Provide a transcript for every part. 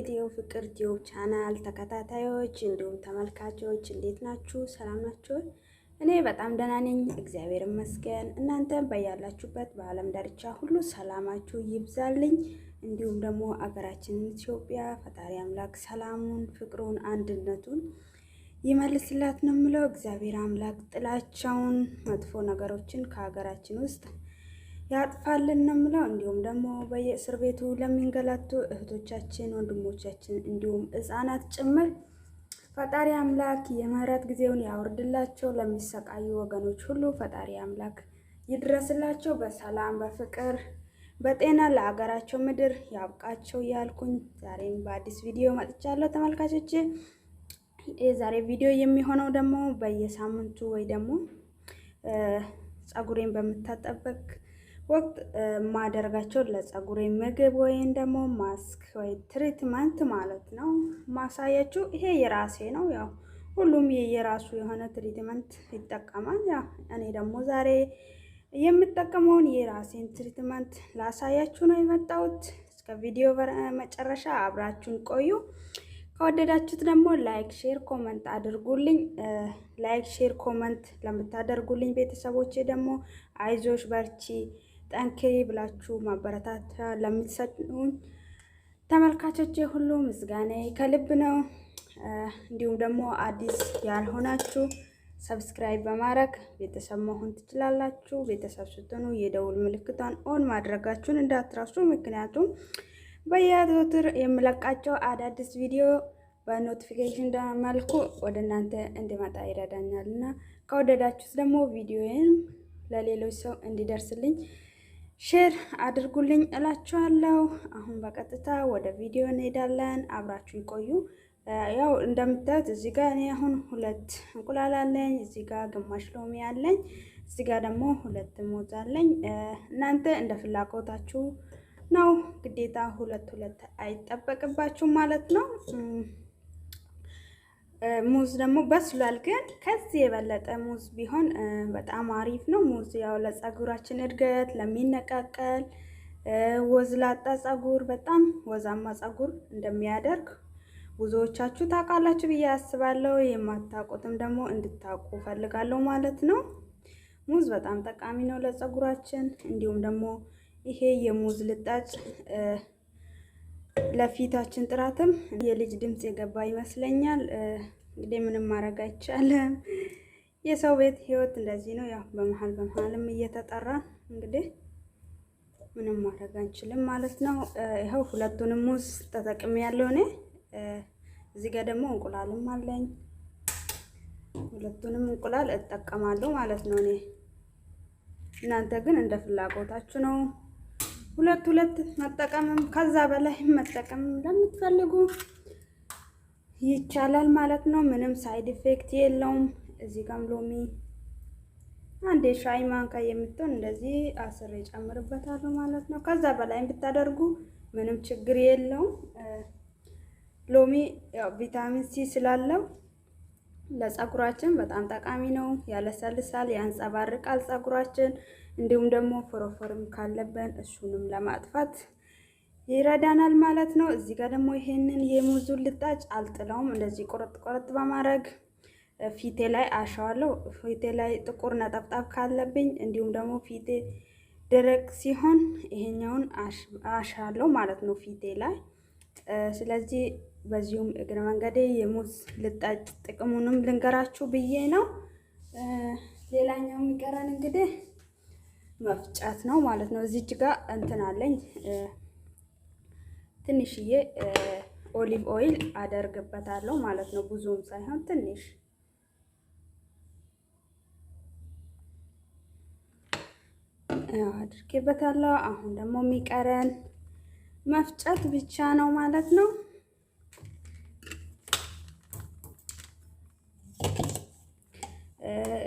የዲዮ ፍቅር ዲዮ ቻናል ተከታታዮች እንዲሁም ተመልካቾች እንዴት ናችሁ? ሰላም ናችሁ? እኔ በጣም ደህና ነኝ፣ እግዚአብሔር ይመስገን። እናንተ በያላችሁበት በዓለም ዳርቻ ሁሉ ሰላማችሁ ይብዛልኝ። እንዲሁም ደግሞ አገራችን ኢትዮጵያ ፈጣሪ አምላክ ሰላሙን፣ ፍቅሩን፣ አንድነቱን ይመልስላት ነው የምለው። እግዚአብሔር አምላክ ጥላቻውን፣ መጥፎ ነገሮችን ከሀገራችን ውስጥ ያጥፋልን ነው የምለው። እንዲሁም ደግሞ በየእስር ቤቱ ለሚንገላቱ እህቶቻችን፣ ወንድሞቻችን እንዲሁም ህጻናት ጭምር ፈጣሪ አምላክ የምህረት ጊዜውን ያወርድላቸው። ለሚሰቃዩ ወገኖች ሁሉ ፈጣሪ አምላክ ይድረስላቸው። በሰላም በፍቅር በጤና ለሀገራቸው ምድር ያብቃቸው እያልኩኝ ዛሬም በአዲስ ቪዲዮ መጥቻለሁ ተመልካቾች። የዛሬ ቪዲዮ የሚሆነው ደግሞ በየሳምንቱ ወይ ደግሞ ጸጉሬን በምታጠበቅ ወቅት ማደርጋቸው ለፀጉሬ ምግብ ወይም ደግሞ ማስክ ወይ ትሪትመንት ማለት ነው። ማሳያችሁ ይሄ የራሴ ነው። ያው ሁሉም የራሱ የሆነ ትሪትመንት ይጠቀማል። ያ እኔ ደግሞ ዛሬ የምጠቀመውን የራሴን ትሪትመንት ላሳያችሁ ነው የመጣሁት። እስከ ቪዲዮ መጨረሻ አብራችሁን ቆዩ። ከወደዳችሁት ደግሞ ላይክ፣ ሼር፣ ኮመንት አድርጉልኝ። ላይክ፣ ሼር፣ ኮመንት ለምታደርጉልኝ ቤተሰቦቼ ደግሞ አይዞሽ በርቺ ጠንኬ ብላችሁ ማበረታታ ለምትሰጡን ተመልካቾች ሁሉ ምስጋና ከልብ ነው። እንዲሁም ደግሞ አዲስ ያልሆናችሁ ሰብስክራይብ በማድረግ ቤተሰብ መሆን ትችላላችሁ። ቤተሰብ ስትሆኑ የደውል ምልክቷን ኦን ማድረጋችሁን እንዳትረሱ። ምክንያቱም በየዘወትር የምለቃቸው አዳዲስ ቪዲዮ በኖቲፊኬሽን መልኩ ወደ እናንተ እንዲመጣ ይረዳኛል እና ከወደዳችሁት ደግሞ ቪዲዮዬን ለሌሎች ሰው እንዲደርስልኝ ሼር አድርጉልኝ እላችኋለሁ። አሁን በቀጥታ ወደ ቪዲዮ እንሄዳለን። አብራችሁን ቆዩ። ያው እንደምታዩት እዚህ ጋር እኔ አሁን ሁለት እንቁላል አለኝ፣ እዚህ ጋር ግማሽ ሎሚ አለኝ፣ እዚህ ጋር ደግሞ ሁለት ሙዝ አለኝ። እናንተ እንደ ፍላጎታችሁ ነው። ግዴታ ሁለት ሁለት አይጠበቅባችሁም ማለት ነው። ሙዝ ደግሞ በስሏል፣ ግን ከዚህ የበለጠ ሙዝ ቢሆን በጣም አሪፍ ነው። ሙዝ ያው ለጸጉራችን እድገት ለሚነቃቀል ወዝላጣ ጸጉር በጣም ወዛማ ጸጉር እንደሚያደርግ ብዙዎቻችሁ ታውቃላችሁ ብዬ አስባለሁ። የማታውቁትም ደግሞ እንድታውቁ ፈልጋለሁ ማለት ነው። ሙዝ በጣም ጠቃሚ ነው ለጸጉራችን። እንዲሁም ደግሞ ይሄ የሙዝ ልጣጭ ለፊታችን ጥራትም የልጅ ድምፅ የገባ ይመስለኛል። እንግዲህ ምንም ማድረግ አይቻልም። የሰው ቤት ህይወት እንደዚህ ነው። ያው በመሀል በመሀልም እየተጠራ እንግዲህ ምንም ማድረግ አንችልም ማለት ነው። ይኸው ሁለቱንም ሙዝ ተጠቅሜ ያለው እኔ እዚህ ጋር ደግሞ እንቁላልም አለኝ። ሁለቱንም እንቁላል እጠቀማለሁ ማለት ነው እኔ። እናንተ ግን እንደ ፍላጎታችሁ ነው። ሁለት ሁለት መጠቀምም ከዛ በላይ መጠቀም ለምትፈልጉ ይቻላል ማለት ነው። ምንም ሳይድ ኢፌክት የለውም። እዚህ ጋም ሎሚ አንድ ሻይ ማንካ የምትሆን እንደዚህ አስር ይጨምርበታሉ ማለት ነው። ከዛ በላይም ብታደርጉ ምንም ችግር የለውም። ሎሚ ቪታሚን ሲ ስላለው ለፀጉራችን በጣም ጠቃሚ ነው። ያለሰልሳል፣ ያንጸባርቃል ፀጉራችን። እንዲሁም ደግሞ ፎረፎርም ካለብን እሱንም ለማጥፋት ይረዳናል ማለት ነው። እዚህ ጋር ደግሞ ይሄንን የሙዙ ልጣጭ አልጥለውም። እንደዚህ ቁርጥ ቁርጥ በማድረግ ፊቴ ላይ አሸዋለሁ። ፊቴ ላይ ጥቁር ነጠብጣብ ካለብኝ እንዲሁም ደግሞ ፊቴ ደረቅ ሲሆን ይሄኛውን አሻለሁ ማለት ነው ፊቴ ላይ ስለዚህ በዚሁም እግረ መንገዴ የሙዝ ልጣጭ ጥቅሙንም ልንገራችሁ ብዬ ነው። ሌላኛው የሚቀረን እንግዲህ መፍጨት ነው ማለት ነው። እዚች ጋ እንትን አለኝ ትንሽዬ ኦሊቭ ኦይል አደርግበታለሁ ማለት ነው። ብዙም ሳይሆን ትንሽ አድርጌበታለሁ። አሁን ደግሞ የሚቀረን መፍጨት ብቻ ነው ማለት ነው።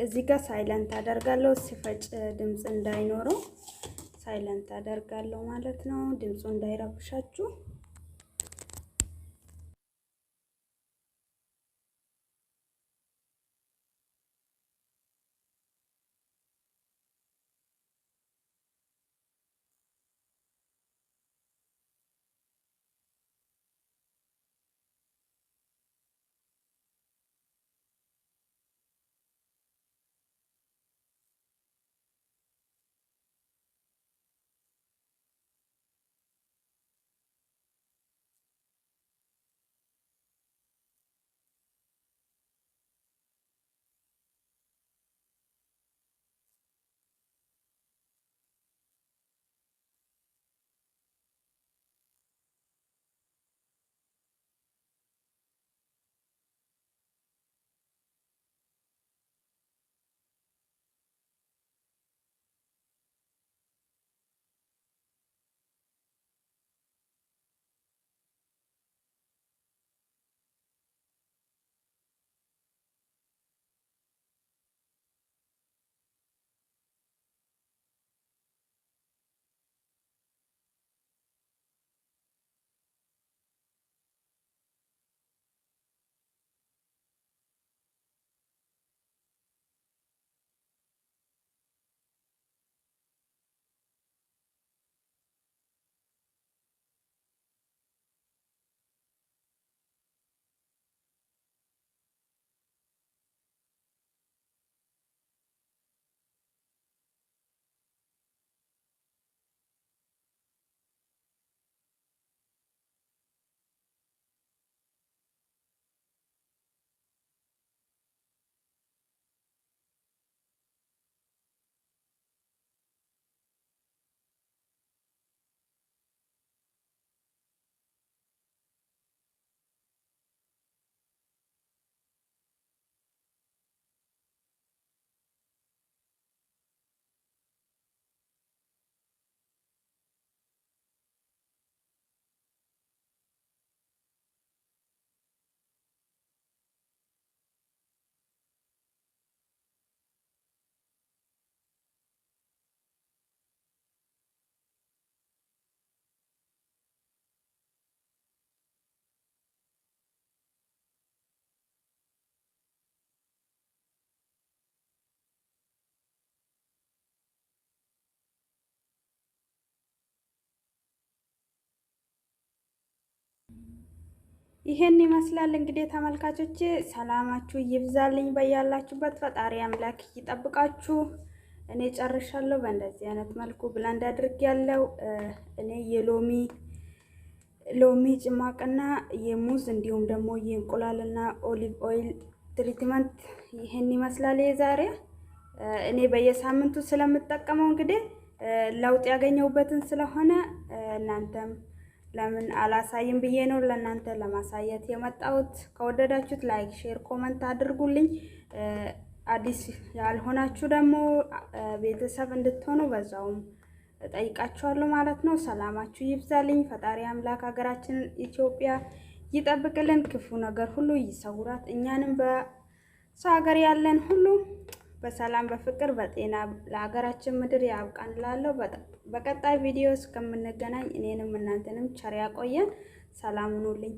እዚህ ጋር ሳይለንት አደርጋለሁ። ሲፈጭ ድምፅ እንዳይኖረው ሳይለንት አደርጋለሁ ማለት ነው፣ ድምፁ እንዳይረብሻችሁ። ይህን ይመስላል እንግዲህ ተመልካቾች፣ ሰላማችሁ ይብዛልኝ በያላችሁበት፣ ፈጣሪ አምላክ ይጠብቃችሁ። እኔ ጨርሻለሁ። በእንደዚህ አይነት መልኩ ብላንድ አድርግ ያለው እኔ የሎሚ ሎሚ ጭማቅና የሙዝ እንዲሁም ደግሞ የእንቁላልና ኦሊቭ ኦይል ትሪትመንት ይህን ይመስላል የዛሬ እኔ በየሳምንቱ ስለምጠቀመው እንግዲህ ለውጥ ያገኘሁበትን ስለሆነ እናንተም ለምን አላሳይም ብዬ ነው ለእናንተ ለማሳየት የመጣሁት። ከወደዳችሁት ላይክ፣ ሼር፣ ኮመንት አድርጉልኝ። አዲስ ያልሆናችሁ ደግሞ ቤተሰብ እንድትሆኑ በዛውም ጠይቃችኋለሁ ማለት ነው። ሰላማችሁ ይብዛልኝ። ፈጣሪ አምላክ ሀገራችን ኢትዮጵያ ይጠብቅልን፣ ክፉ ነገር ሁሉ ይሰውራት። እኛንም በሰው ሀገር ያለን ሁሉ በሰላም በፍቅር በጤና ለሀገራችን ምድር ያብቃን እላለሁ። በቀጣይ ቪዲዮ እስከምንገናኝ እኔንም እናንተንም ቸር ያቆየን። ሰላም ሁኑልኝ።